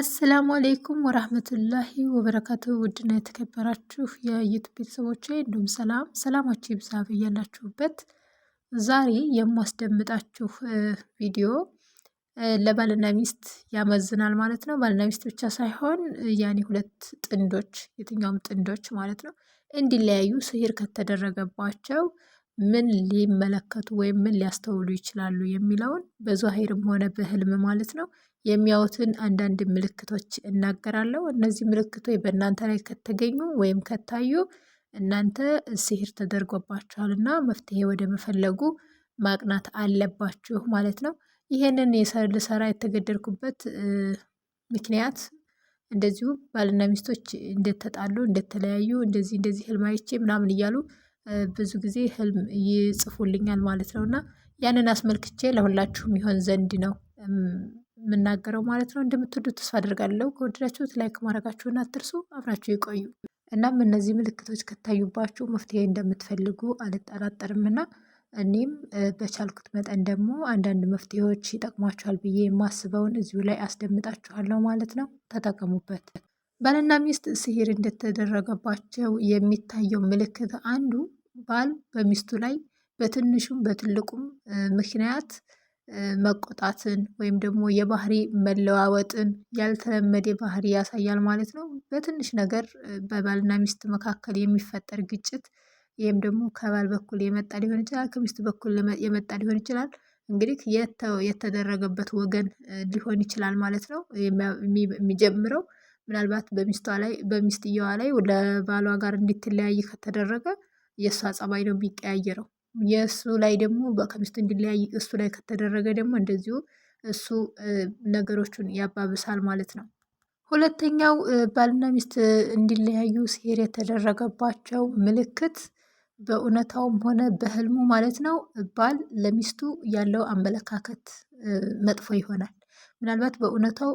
አሰላሙ አሌይኩም ወራህመቱላሂ ወበረካቱ። ውድና የተከበራችሁ የዩቱብ ቤተሰቦች እንዲሁም ሰላም ሰላማችሁ ይብዛ እያላችሁበት፣ ዛሬ የማስደምጣችሁ ቪዲዮ ለባልና ሚስት ያመዝናል ማለት ነው። ባልና ሚስት ብቻ ሳይሆን ያኔ ሁለት ጥንዶች የትኛውም ጥንዶች ማለት ነው እንዲለያዩ ስሂር ከተደረገባቸው ምን ሊመለከቱ ወይም ምን ሊያስተውሉ ይችላሉ የሚለውን በዙሀይርም ሆነ በህልም ማለት ነው የሚያዩትን አንዳንድ ምልክቶች እናገራለሁ። እነዚህ ምልክቶች በእናንተ ላይ ከተገኙ ወይም ከታዩ እናንተ ሲህር እና መፍትሄ ወደ መፈለጉ ማቅናት አለባችሁ ማለት ነው። ይህንን ልሰራ የተገደድኩበት ምክንያት እንደዚሁ ባልና ሚስቶች እንደተጣሉ እንደተለያዩ እንደዚህ እንደዚህ ህልም አይቼ ምናምን እያሉ ብዙ ጊዜ ህልም ይጽፉልኛል ማለት ነው። እና ያንን አስመልክቼ ለሁላችሁም ይሆን ዘንድ ነው የምናገረው ማለት ነው። እንደምትወዱት ተስፋ አደርጋለሁ። ከወደዳችሁት ላይክ ማድረጋችሁን አትርሱ። አብራችሁ ይቆዩ። እናም እነዚህ ምልክቶች ከታዩባችሁ መፍትሄ እንደምትፈልጉ አልጠራጠርም እኔም በቻልኩት መጠን ደግሞ አንዳንድ መፍትሄዎች ይጠቅሟችኋል ብዬ የማስበውን እዚሁ ላይ አስደምጣችኋለሁ ማለት ነው። ተጠቀሙበት። ባልና ሚስት ስሄር እንደተደረገባቸው የሚታየው ምልክት አንዱ ባል በሚስቱ ላይ በትንሹም በትልቁም ምክንያት መቆጣትን ወይም ደግሞ የባህሪ መለዋወጥን ያልተለመደ ባህሪ ያሳያል ማለት ነው። በትንሽ ነገር በባልና ሚስት መካከል የሚፈጠር ግጭት ይህም ደግሞ ከባል በኩል የመጣ ሊሆን ይችላል፣ ከሚስት በኩል የመጣ ሊሆን ይችላል። እንግዲህ የተደረገበት ወገን ሊሆን ይችላል ማለት ነው። የሚጀምረው ምናልባት በሚስቷ ላይ በሚስትየዋ ላይ ለባሏ ጋር እንድትለያይ ከተደረገ የእሷ ጸባይ ነው የሚቀያየረው። የእሱ ላይ ደግሞ ከሚስቱ እንዲለያይ እሱ ላይ ከተደረገ ደግሞ እንደዚሁ እሱ ነገሮቹን ያባብሳል ማለት ነው። ሁለተኛው ባልና ሚስት እንዲለያዩ ሲሄድ የተደረገባቸው ምልክት በእውነታውም ሆነ በህልሙ ማለት ነው። ባል ለሚስቱ ያለው አመለካከት መጥፎ ይሆናል። ምናልባት በእውነታው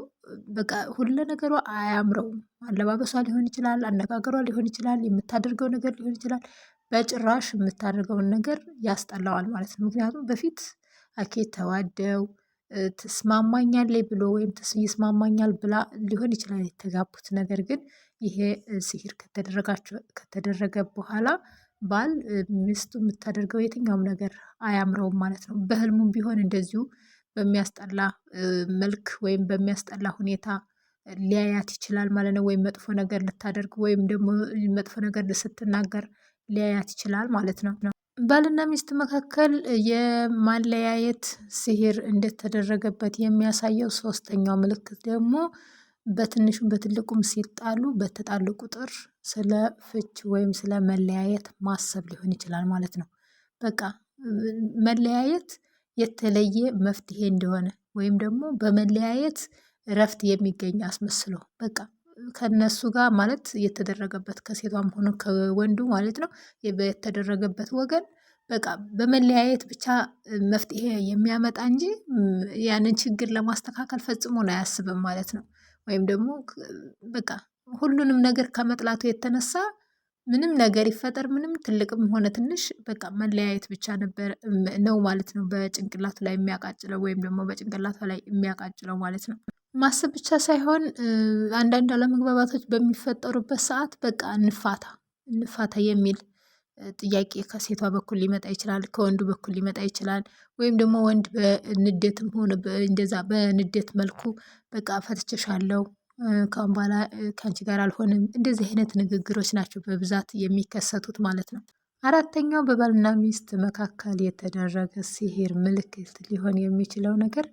በቃ ሁለ ነገሯ አያምረውም። አለባበሷ ሊሆን ይችላል፣ አነጋገሯ ሊሆን ይችላል፣ የምታደርገው ነገር ሊሆን ይችላል። በጭራሽ የምታደርገውን ነገር ያስጠላዋል ማለት ነው። ምክንያቱም በፊት አኬ ተዋደው ትስማማኛል ብሎ ወይም ይስማማኛል ብላ ሊሆን ይችላል የተጋቡት። ነገር ግን ይሄ ሲሂር ከተደረገ በኋላ ባል ሚስቱ የምታደርገው የትኛውም ነገር አያምረውም ማለት ነው። በህልሙም ቢሆን እንደዚሁ በሚያስጠላ መልክ ወይም በሚያስጠላ ሁኔታ ሊያያት ይችላል ማለት ነው። ወይም መጥፎ ነገር ልታደርግ ወይም ደግሞ መጥፎ ነገር ስትናገር ሊያያት ይችላል ማለት ነው። ባልና ሚስት መካከል የማለያየት ሲህር እንደተደረገበት የሚያሳየው ሶስተኛው ምልክት ደግሞ በትንሹም በትልቁም ሲጣሉ በተጣሉ ቁጥር ስለ ፍች ወይም ስለ መለያየት ማሰብ ሊሆን ይችላል ማለት ነው። በቃ መለያየት የተለየ መፍትሄ እንደሆነ ወይም ደግሞ በመለያየት እረፍት የሚገኝ አስመስሎ በቃ ከነሱ ጋር ማለት የተደረገበት ከሴቷም ሆኖ ከወንዱ ማለት ነው የተደረገበት ወገን በቃ በመለያየት ብቻ መፍትሄ የሚያመጣ እንጂ ያንን ችግር ለማስተካከል ፈጽሞን አያስብም ማለት ነው። ወይም ደግሞ በቃ ሁሉንም ነገር ከመጥላቱ የተነሳ ምንም ነገር ይፈጠር ምንም ትልቅም ሆነ ትንሽ በቃ መለያየት ብቻ ነበር ነው ማለት ነው። በጭንቅላቱ ላይ የሚያቃጭለው ወይም ደግሞ በጭንቅላቷ ላይ የሚያቃጭለው ማለት ነው ማሰብ ብቻ ሳይሆን አንዳንድ አለመግባባቶች በሚፈጠሩበት ሰዓት በቃ እንፋታ እንፋታ የሚል ጥያቄ ከሴቷ በኩል ሊመጣ ይችላል፣ ከወንዱ በኩል ሊመጣ ይችላል። ወይም ደግሞ ወንድ በንዴትም ሆነ እንደዛ በንዴት መልኩ በቃ ፈትቼሻለሁ ከአሁን በኋላ ከአንቺ ጋር አልሆንም። እንደዚህ አይነት ንግግሮች ናቸው በብዛት የሚከሰቱት ማለት ነው። አራተኛው በባልና ሚስት መካከል የተደረገ ሲሄር ምልክት ሊሆን የሚችለው ነገር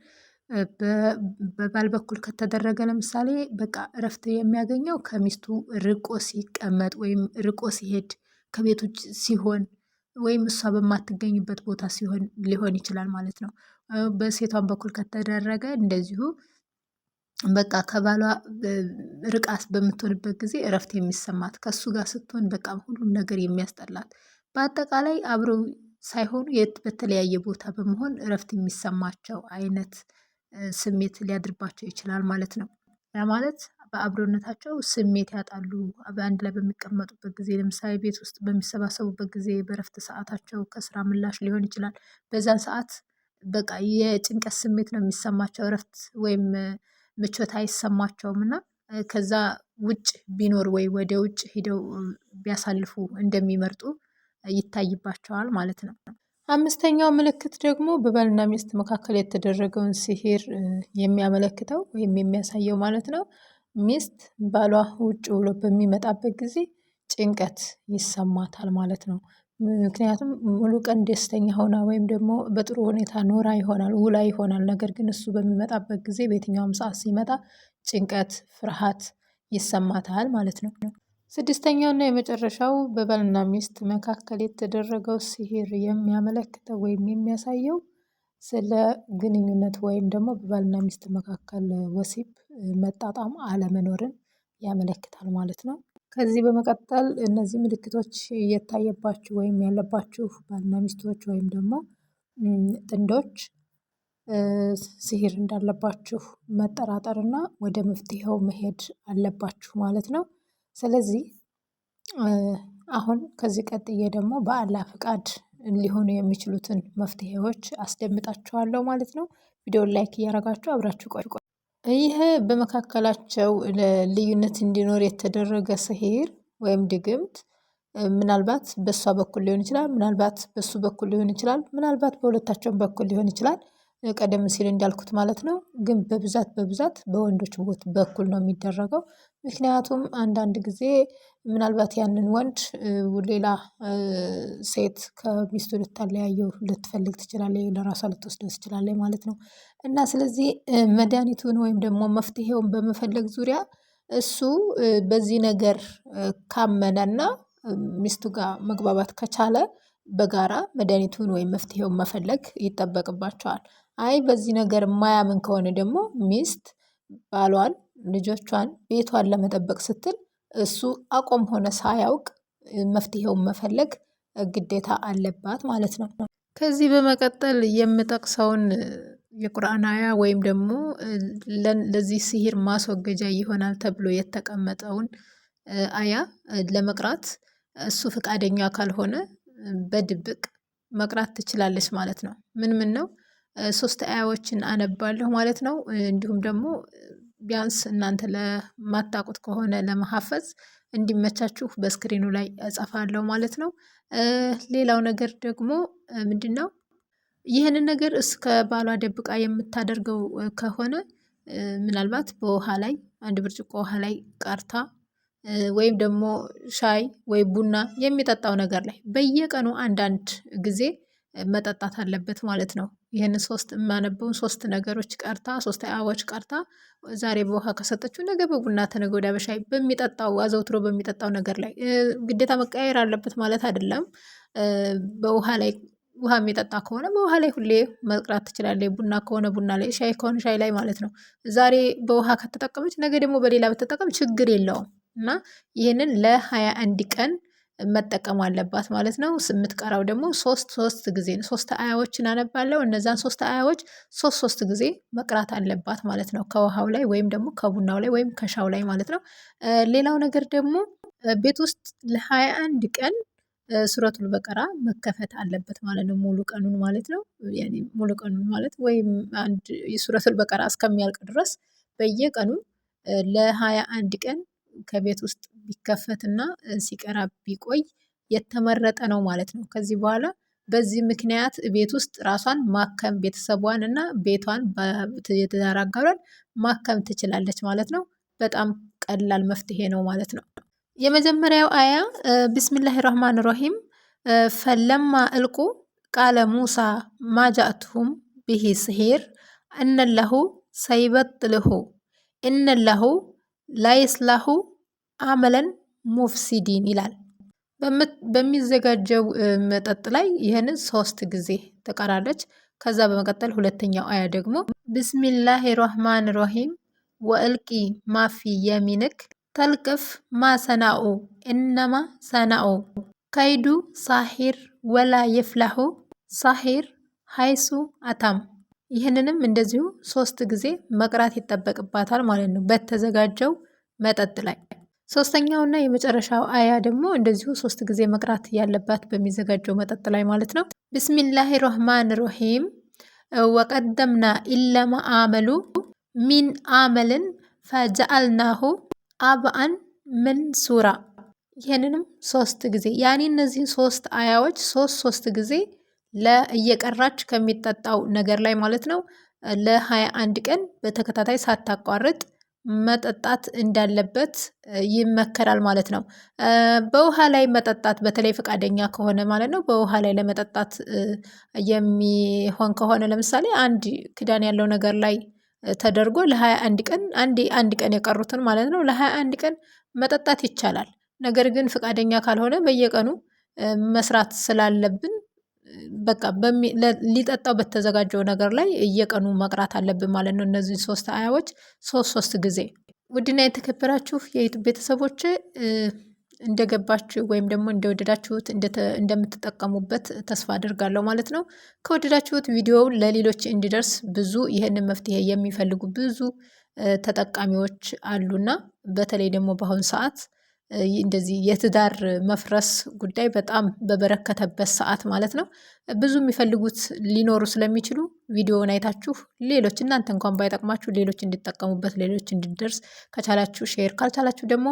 በባል በኩል ከተደረገ ለምሳሌ በቃ እረፍት የሚያገኘው ከሚስቱ ርቆ ሲቀመጥ ወይም ርቆ ሲሄድ ከቤት ውጭ ሲሆን ወይም እሷ በማትገኝበት ቦታ ሲሆን ሊሆን ይችላል ማለት ነው። በሴቷን በኩል ከተደረገ እንደዚሁ በቃ ከባሏ ርቃስ በምትሆንበት ጊዜ እረፍት የሚሰማት ከእሱ ጋር ስትሆን በቃ ሁሉም ነገር የሚያስጠላት በአጠቃላይ አብረው ሳይሆኑ የት በተለያየ ቦታ በመሆን እረፍት የሚሰማቸው አይነት ስሜት ሊያድርባቸው ይችላል ማለት ነው። ያ ማለት በአብሮነታቸው ስሜት ያጣሉ። በአንድ ላይ በሚቀመጡበት ጊዜ ለምሳሌ ቤት ውስጥ በሚሰባሰቡበት ጊዜ በረፍት ሰዓታቸው ከስራ ምላሽ ሊሆን ይችላል። በዛን ሰዓት በቃ የጭንቀት ስሜት ነው የሚሰማቸው እረፍት ወይም ምቾት አይሰማቸውም። እና ከዛ ውጭ ቢኖር ወይ ወደ ውጭ ሂደው ቢያሳልፉ እንደሚመርጡ ይታይባቸዋል ማለት ነው አምስተኛው ምልክት ደግሞ በባልና ሚስት መካከል የተደረገውን ሲሄር የሚያመለክተው ወይም የሚያሳየው ማለት ነው። ሚስት ባሏ ውጭ ብሎ በሚመጣበት ጊዜ ጭንቀት ይሰማታል ማለት ነው። ምክንያቱም ሙሉ ቀን ደስተኛ ሆና ወይም ደግሞ በጥሩ ሁኔታ ኖራ ይሆናል ውላ ይሆናል። ነገር ግን እሱ በሚመጣበት ጊዜ በየትኛውም ሰዓት ሲመጣ ጭንቀት፣ ፍርሃት ይሰማታል ማለት ነው። ስድስተኛውና የመጨረሻው በባልና ሚስት መካከል የተደረገው ሲሂር የሚያመለክተው ወይም የሚያሳየው ስለ ግንኙነት ወይም ደግሞ በባልና ሚስት መካከል ወሲብ መጣጣም አለመኖርን ያመለክታል ማለት ነው። ከዚህ በመቀጠል እነዚህ ምልክቶች የታየባችሁ ወይም ያለባችሁ ባልና ሚስቶች ወይም ደግሞ ጥንዶች ሲሄር እንዳለባችሁ መጠራጠርና ወደ መፍትሄው መሄድ አለባችሁ ማለት ነው። ስለዚህ አሁን ከዚህ ቀጥዬ ደግሞ በአላህ ፍቃድ ሊሆኑ የሚችሉትን መፍትሄዎች አስደምጣችኋለሁ ማለት ነው። ቪዲዮን ላይክ እያረጋችሁ አብራችሁ ቆይ። ይህ በመካከላቸው ልዩነት እንዲኖር የተደረገ ስሂር ወይም ድግምት ምናልባት በእሷ በኩል ሊሆን ይችላል፣ ምናልባት በሱ በኩል ሊሆን ይችላል፣ ምናልባት በሁለታቸውም በኩል ሊሆን ይችላል። ቀደም ሲል እንዳልኩት ማለት ነው። ግን በብዛት በብዛት በወንዶች በኩል ነው የሚደረገው። ምክንያቱም አንዳንድ ጊዜ ምናልባት ያንን ወንድ ሌላ ሴት ከሚስቱ ልታለያየው ልትፈልግ ትችላለች ለራሷ ልትወስደው ትችላለች ማለት ነው። እና ስለዚህ መድሃኒቱን ወይም ደግሞ መፍትሄውን በመፈለግ ዙሪያ እሱ በዚህ ነገር ካመነና ሚስቱ ጋር መግባባት ከቻለ በጋራ መድሃኒቱን ወይም መፍትሄውን መፈለግ ይጠበቅባቸዋል አይ በዚህ ነገር የማያምን ከሆነ ደግሞ ሚስት ባሏን ልጆቿን ቤቷን ለመጠበቅ ስትል እሱ አቆም ሆነ ሳያውቅ መፍትሄውን መፈለግ ግዴታ አለባት ማለት ነው። ከዚህ በመቀጠል የምጠቅሰውን የቁርአን አያ ወይም ደግሞ ለዚህ ሲሂር ማስወገጃ ይሆናል ተብሎ የተቀመጠውን አያ ለመቅራት እሱ ፈቃደኛ ካልሆነ በድብቅ መቅራት ትችላለች ማለት ነው። ምን ምን ነው? ሶስት አያዎችን አነባለሁ ማለት ነው። እንዲሁም ደግሞ ቢያንስ እናንተ ለማታቁት ከሆነ ለመሀፈዝ እንዲመቻችሁ በስክሪኑ ላይ እጸፋለሁ ማለት ነው። ሌላው ነገር ደግሞ ምንድነው? ይህንን ነገር እስከ ባሏ ደብቃ የምታደርገው ከሆነ ምናልባት በውሃ ላይ አንድ ብርጭቆ ውሃ ላይ ቀርታ ወይም ደግሞ ሻይ ወይ ቡና የሚጠጣው ነገር ላይ በየቀኑ አንዳንድ ጊዜ መጠጣት አለበት ማለት ነው ይህን ሶስት የማነበውን ሶስት ነገሮች ቀርታ ሶስት አበባዎች ቀርታ ዛሬ በውሃ ከሰጠችው ነገ በቡና ተነገ ወዲያ በሻይ በሚጠጣው አዘውትሮ በሚጠጣው ነገር ላይ ግዴታ መቀያየር አለበት ማለት አይደለም። በውሃ ላይ ውሃ የሚጠጣ ከሆነ በውሃ ላይ ሁሌ መቅራት ትችላለች። ቡና ከሆነ ቡና ላይ፣ ሻይ ከሆነ ሻይ ላይ ማለት ነው። ዛሬ በውሃ ከተጠቀመች ነገ ደግሞ በሌላ ብትጠቀም ችግር የለውም እና ይህንን ለሀያ አንድ ቀን መጠቀም አለባት ማለት ነው። የምትቀራው ደግሞ ሶስት ሶስት ጊዜ ሶስት አያዎችን አነባለው እነዛን ሶስት አያዎች ሶስት ሶስት ጊዜ መቅራት አለባት ማለት ነው። ከውሃው ላይ ወይም ደግሞ ከቡናው ላይ ወይም ከሻው ላይ ማለት ነው። ሌላው ነገር ደግሞ ቤት ውስጥ ለሀያ አንድ ቀን ሱረቱል በቀራ መከፈት አለበት ማለት ነው። ሙሉ ቀኑን ማለት ነው። ሙሉ ቀኑን ማለት ወይም አንድ የሱረቱል በቀራ እስከሚያልቅ ድረስ በየቀኑ ለሀያ አንድ ቀን ከቤት ውስጥ ቢከፈትና ሲቀራ ቢቆይ የተመረጠ ነው ማለት ነው። ከዚህ በኋላ በዚህ ምክንያት ቤት ውስጥ ራሷን ማከም ቤተሰቧን እና ቤቷን የትዳር አጋሯን ማከም ትችላለች ማለት ነው። በጣም ቀላል መፍትሄ ነው ማለት ነው። የመጀመሪያው አያ ቢስሚላህ ራህማን ረሂም ፈለማ እልቁ ቃለ ሙሳ ማጃእትሁም ብሂ ስሄር እነላሁ ሰይበጥልሁ እነላሁ ላይስላሁ አመለን ሞፍሲዲን ይላል። በሚዘጋጀው መጠጥ ላይ ይህንን ሶስት ጊዜ ትቀራለች ከዛ በመቀጠል ሁለተኛው አያ ደግሞ ብስሚላህ ራህማን ራሂም ወእልቂ ማፊ የሚንክ ተልቅፍ ማሰናኡ እነማ ሰናኡ ከይዱ ሳሒር ወላ የፍላሁ ሳሒር ሀይሱ አታም። ይህንንም እንደዚሁ ሶስት ጊዜ መቅራት ይጠበቅባታል ማለት ነው በተዘጋጀው መጠጥ ላይ ሶስተኛውና የመጨረሻው አያ ደግሞ እንደዚሁ ሶስት ጊዜ መቅራት ያለባት በሚዘጋጀው መጠጥ ላይ ማለት ነው። ብስሚላህ ረህማን ራሂም ወቀደምና ኢለማ አመሉ ሚን አመልን ፈጃአልናሁ አብአን ምን ሱራ ይህንንም ሶስት ጊዜ ያኒ እነዚህን ሶስት አያዎች ሶስት ሶስት ጊዜ ለእየቀራች ከሚጠጣው ነገር ላይ ማለት ነው ለሀያ አንድ ቀን በተከታታይ ሳታቋርጥ መጠጣት እንዳለበት ይመከራል ማለት ነው። በውሃ ላይ መጠጣት በተለይ ፈቃደኛ ከሆነ ማለት ነው በውሃ ላይ ለመጠጣት የሚሆን ከሆነ ለምሳሌ አንድ ክዳን ያለው ነገር ላይ ተደርጎ ለ አንድ ቀን አንድ አንድ ቀን የቀሩትን ማለት ነው ለሃያ አንድ ቀን መጠጣት ይቻላል። ነገር ግን ፈቃደኛ ካልሆነ በየቀኑ መስራት ስላለብን በቃ ሊጠጣው በተዘጋጀው ነገር ላይ እየቀኑ መቅራት አለብን ማለት ነው። እነዚህ ሶስት አያዎች ሶስት ሶስት ጊዜ ውድና የተከበራችሁ የዩቱብ ቤተሰቦች እንደገባችሁ ወይም ደግሞ እንደወደዳችሁት እንደምትጠቀሙበት ተስፋ አድርጋለሁ ማለት ነው። ከወደዳችሁት ቪዲዮ ለሌሎች እንዲደርስ ብዙ ይህንን መፍትሄ የሚፈልጉ ብዙ ተጠቃሚዎች አሉና በተለይ ደግሞ በአሁኑ ሰዓት እንደዚህ የትዳር መፍረስ ጉዳይ በጣም በበረከተበት ሰዓት ማለት ነው ብዙ የሚፈልጉት ሊኖሩ ስለሚችሉ ቪዲዮውን አይታችሁ ሌሎች እናንተ እንኳን ባይጠቅማችሁ ሌሎች እንዲጠቀሙበት ሌሎች እንዲደርስ ከቻላችሁ ሼር ካልቻላችሁ ደግሞ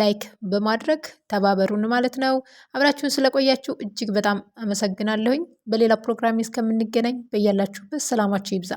ላይክ በማድረግ ተባበሩን ማለት ነው። አብራችሁን ስለቆያችሁ እጅግ በጣም አመሰግናለሁኝ። በሌላ ፕሮግራም እስከምንገናኝ በያላችሁበት ሰላማችሁ ይብዛ።